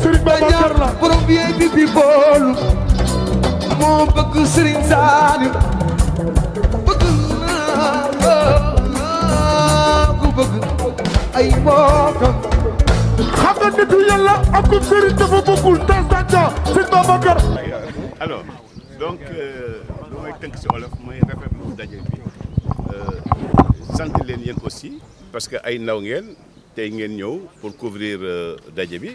Serigne Babacar la premier bi moo bëgg Serigne Saliou bëgg naa ku bëgg ay mbokkam xam nga nitu yàlla ak Serigne dafa bokkul tas daja Serigne Babacar alors donc euh, lu may tënk si olof mooy euh, leen yéen aussi parce que ay ndaw ngeen tey ngeen ñëw pour couvrir euh, daje bi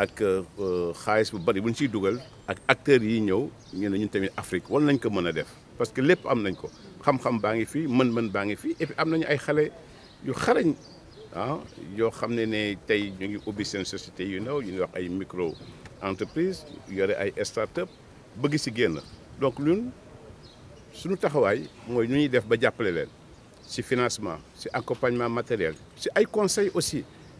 ak euh, xaalis acteurs yi ñëw ñu ñun tamit Afrique ko a def parce que lépp am nañ ko xam-xam et am nañu ay xale yu xarañ ah yoo xam ne ñu ngi société yu ndaw yu wax micro entreprise yore ay start-up donc ñun suñu nous mooy ñu ñuy def ba financement si accompagnement matériel si ay conseils aussi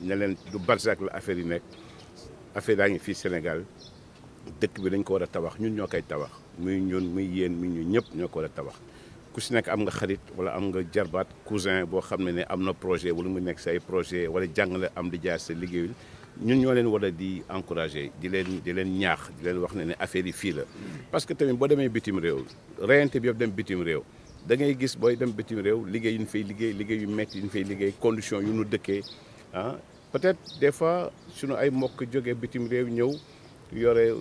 ne leen du Barzak la affaire yi nek affaire dañu fi fii Sénégal dëkk bi dañ ko wara a tabax ñun ñokay koy tabax muy ñun muy yeen muy ñu ñëpp ñoko ko war a tabax ku si nekk am nga xarit wala am nga jarbat cousin bo xamné ne ne projet wala mu nekk say projet wala jangale am di jaar sa liggéeyul ñun ñoo leen war a di encourager di leen di leen ñaax di leen wax ne ne affaire yi fii la parce que tamit boo demee bitim réew reyante bi yëpp dem bitim réew da ngay gis booy dem bitim réew liggéey yu ñu fay liggéey liggéey yu metti yu ñu fay liggéey condition yu ñu dëkkee ah peut-être des fois suñu ay mbokk jógee bitim rew ñew yoré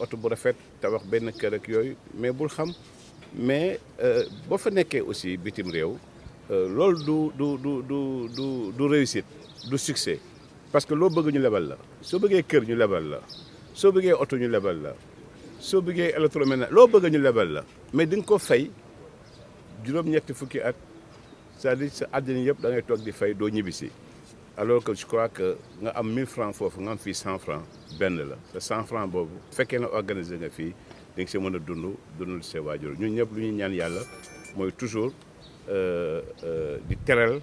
auto bu rafet tabax ben kër ak yoy mais bul xam mais euh bo fa nekké aussi bitim réew euh, loolu du du du du du du réussite du succès parce que lo bëgg ñu lebal la so bëggé kër ñu lebal la so bëggé auto ñu lebal la so bëggé électroménager lo bëgg ñu lebal la mais di ko fay juróom-ñetti fukki at c'est-à-dire sa àddina yëpp da ngay toog di fay doo ñibbisi alors que je crois que nga am 1000 francs foofu nga am fii 100 francs benn la te 100 francs boobu fekkee nga organiser nga fii di nga si mën a dund dundal see waajur ñun ñëpp lu ñuy ñaan yàlla mooy toujours euh, euh, di teral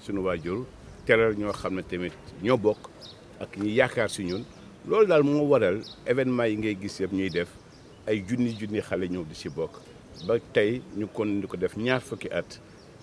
suñu waajur teral ñoo xam ne tamit ñoo bokk ak ñi yaakaar si ñun lool dal mo waral événement yi ngay gis yeb ñuy def ay junni junni xalé ñëw di si bokk ba tay ñu kon di ko def ñaar fukki at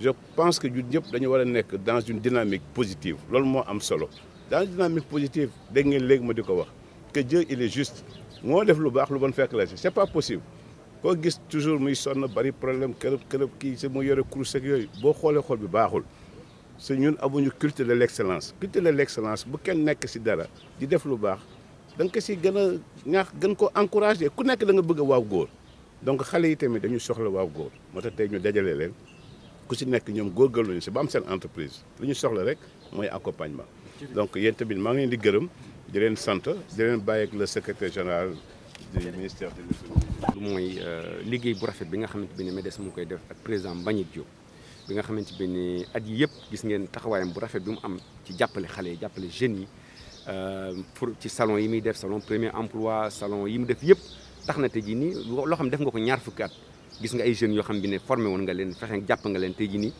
je pense que ñun ñëpp dañu war a dans une dynamique positive loolu moo am solo dans une dynamique positive dégg ngeen léegi ma di wax que Dieu il est juste moo def lu baax lu bon fekk la si c'est pas possible Ko gis toujours muy sonn bari problème kërëb kërëb kii si mu yore kurus ak yooyu boo xoolee xool bi baaxul si ñun amuñu culte de l'excellence culte de l'excellence bu kenn nekk si dara di def lu baax da nga si gën a ñaax gën ko encourager ku nekk da nga bëgg waaw góor donc xale yi tamit dañu soxla waaw góor moo tax tey ñu dajale leen ku ci nekk ñoom góorgóorlu nañu si ba am seen entreprise li ñu soxla rek mooy accompagnement. donc yéen tamit maa ngi leen di gërëm di leen sant di leen bàyyi ak le secrétaire général du ministère de l' mooy euh, liggéey bu rafet bi nga xamante bi ne MEDES mu koy def ak président Mbagnick Diop bi nga xamante bi ne at yi yëpp gis ngeen taxawaayam bu rafet bi mu am ci jàppale xale yi jàppale jeunes yi euh, pour ci salon yi muy def salon premier emploi salon yi mu def yëpp tax na te ji nii loo xam def nga ko ñaar fukki at gis nga ay jeunes yo xam bi ne formé won nga leen fexe japp nga leen tey jii nii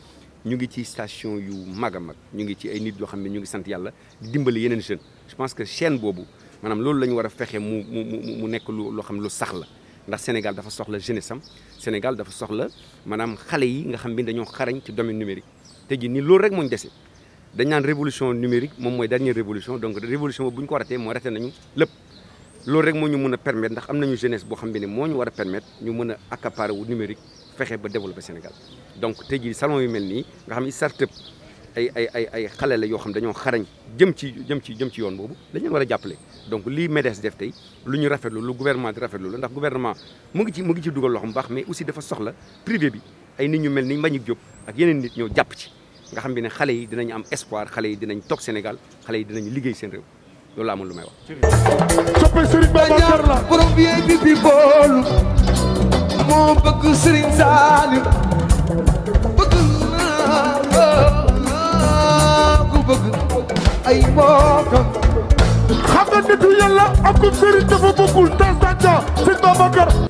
ñu ngi ci station yu maga mag ñu ngi ci ay nit yo xam ñu ngi sant yalla di dimbali yeneen jeunes je pense que chaîne bobu manam loolu lañu wara fexé mu mu mu nekk lu lo xam lu sax la ndax Sénégal dafa soxla jeunesse am Sénégal dafa soxla manam xalé yi nga xam bi dañoo xarañ ci domaine numérique tey jii nii loolu rek moo déssé dañ naan révolution numérique mom moy dernière révolution donc révolution boobu bu ñu ko raté mo raté nañu lepp loolu rek moo ñu mën permettre ndax amna ñu jeunesse bo xam ne moo ñu war permettre ñu mëna accaparer wu numérique fexé ba développer Sénégal donc tayji salon yu melni nga xam ne start-up ay ay ay ay xalé la yo xam dañoo xarañ jëm ci jëm ci jëm ci yoon bobu dañu wara war donc li MEDES def tay lu ñu rafetlu lu gouvernement di rafetlu ndax gouvernement mu ngi ci mu ngi ci dugal loxoom baax mais aussi dafa soxla privé bi ay nit ñu melni ni Mbagnick Diop ak yeneen nit ñoo japp ci nga xam ne xalé yi dinañ am espoir xalé yi dinañ tok Sénégal xalé yi dinañ liggéey seen réew loolu lu may wax. soppe Serigne Babacar la borom VIP bi boolu moo bëgg Serigne Saliou bëgg naa ku bëgg ay mbokkam. xam nga nitu yàlla ak Serigne dafa bëggul tas